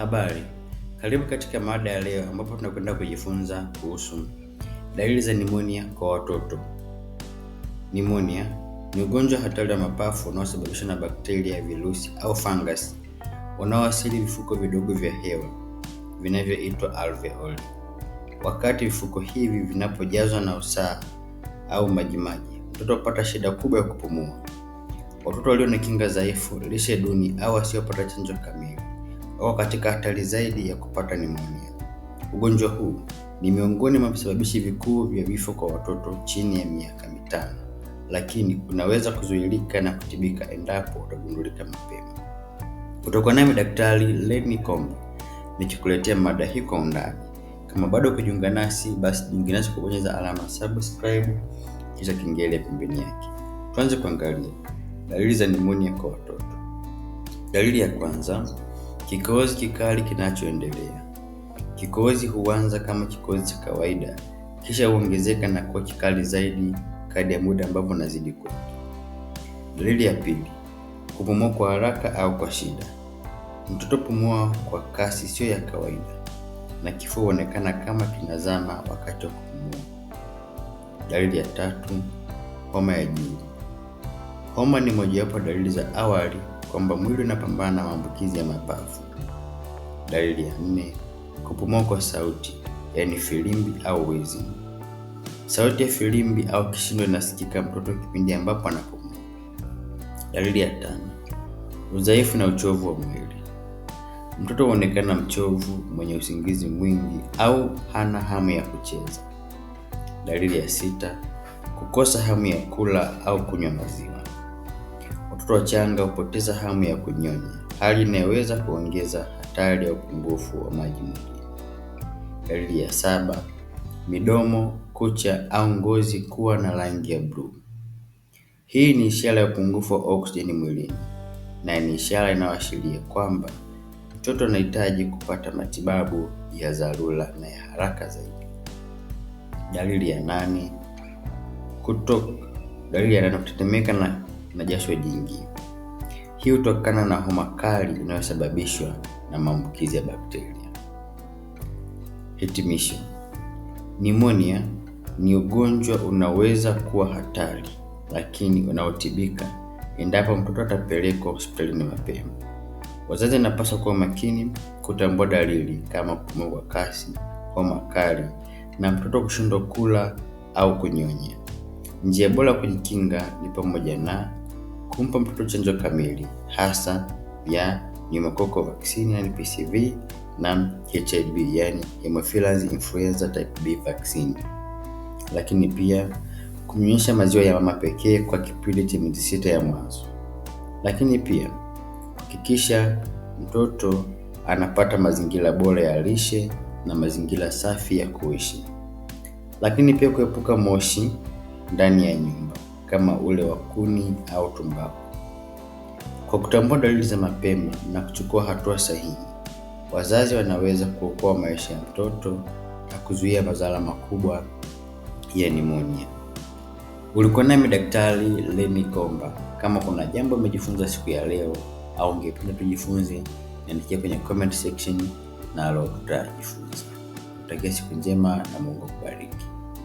Habari, karibu katika mada ya leo ambapo tunakwenda kujifunza kuhusu dalili za nimonia kwa watoto. Nimonia ni ugonjwa hatari wa mapafu unaosababishwa na bakteria, virusi au fungus unaoasili vifuko vidogo vya hewa vinavyoitwa alveoli. Wakati vifuko hivi vinapojazwa na usaha au majimaji, mtoto hupata shida kubwa ya kupumua. Watoto walio na kinga dhaifu, lishe duni au wasiopata chanjo kamili wako katika hatari zaidi ya kupata nimonia. Ugonjwa huu ni miongoni mwa visababishi vikuu vya vifo kwa watoto chini ya miaka mitano, lakini unaweza kuzuilika na kutibika endapo utagundulika mapema. Kutoka nami Daktari Lenny Komba nikikuletea mada hii kwa undani. Kama bado kujiunga nasi, basi jiunge nasi kubonyeza alama subscribe kisha kengele pembeni yake. Tuanze kuangalia dalili za nimonia kwa watoto. Dalili ya kwanza Kikohozi kikali kinachoendelea. Kikohozi huanza kama kikohozi cha kawaida kisha huongezeka na kuwa kikali zaidi kadri ya muda ambavyo unazidi kwenda. Dalili ya pili, kupumua kwa haraka au kwa shida. Mtoto pumua kwa kasi sio ya kawaida na kifua huonekana kama kinazama wakati wa kupumua. Dalili ya tatu, homa ya juu. Homa ni mojawapo dalili za awali kwamba mwili unapambana na maambukizi ya mapafu. Dalili ya nne, kupumua kwa sauti, yaani filimbi au wheezing. Sauti ya filimbi au kishindo inasikika mtoto kipindi ambapo anapumua. Dalili ya tano, udhaifu na uchovu wa mwili. Mtoto huonekana mchovu, mwenye usingizi mwingi au hana hamu ya kucheza. Dalili ya sita, kukosa hamu ya kula au kunywa maziwa. Mtoto wachanga hupoteza hamu ya kunyonya, hali inayoweza kuongeza hatari ya upungufu wa maji mwilini. Dalili ya saba: midomo, kucha au ngozi kuwa na rangi ya bluu. Hii ni ishara ya upungufu wa oksijeni mwilini na ni ishara inayoashiria kwamba mtoto anahitaji kupata matibabu ya dharura na ya haraka zaidi. Dalili ya nane kuto, dalili ya nane kutetemeka na na jasho jingi. Hii hutokana na homa kali inayosababishwa na maambukizi ya bakteria. Hitimisho: nimonia ni ugonjwa unaweza kuwa hatari, lakini unaotibika endapo mtoto atapelekwa hospitalini mapema. Wazazi wanapaswa kuwa makini kutambua dalili kama kupumua kwa kasi, homa kali, na mtoto kushindwa kula au kunyonya. Njia bora ya kujikinga ni pamoja na kumpa mtoto chanjo kamili, hasa ya nyumokoko vaccine yani PCV na HIB yani hemophilus influenza type B vaccine. Lakini pia kumnyonyesha maziwa ya mama pekee kwa kipindi cha miezi sita ya mwanzo. Lakini pia hakikisha mtoto anapata mazingira bora ya lishe na mazingira safi ya kuishi. Lakini pia kuepuka moshi ndani ya nyumba kama ule wa kuni au tumbaku. Kwa kutambua dalili za mapema na kuchukua hatua sahihi, wazazi wanaweza kuokoa maisha ya mtoto na kuzuia madhara makubwa ya nimonia. Ulikuwa nami Daktari Lenny Komba. Kama kuna jambo umejifunza siku ya leo au ungependa tujifunze, niandikia kwenye comment section, nalo tutajifunza. Utakia siku njema na Mungu akubariki.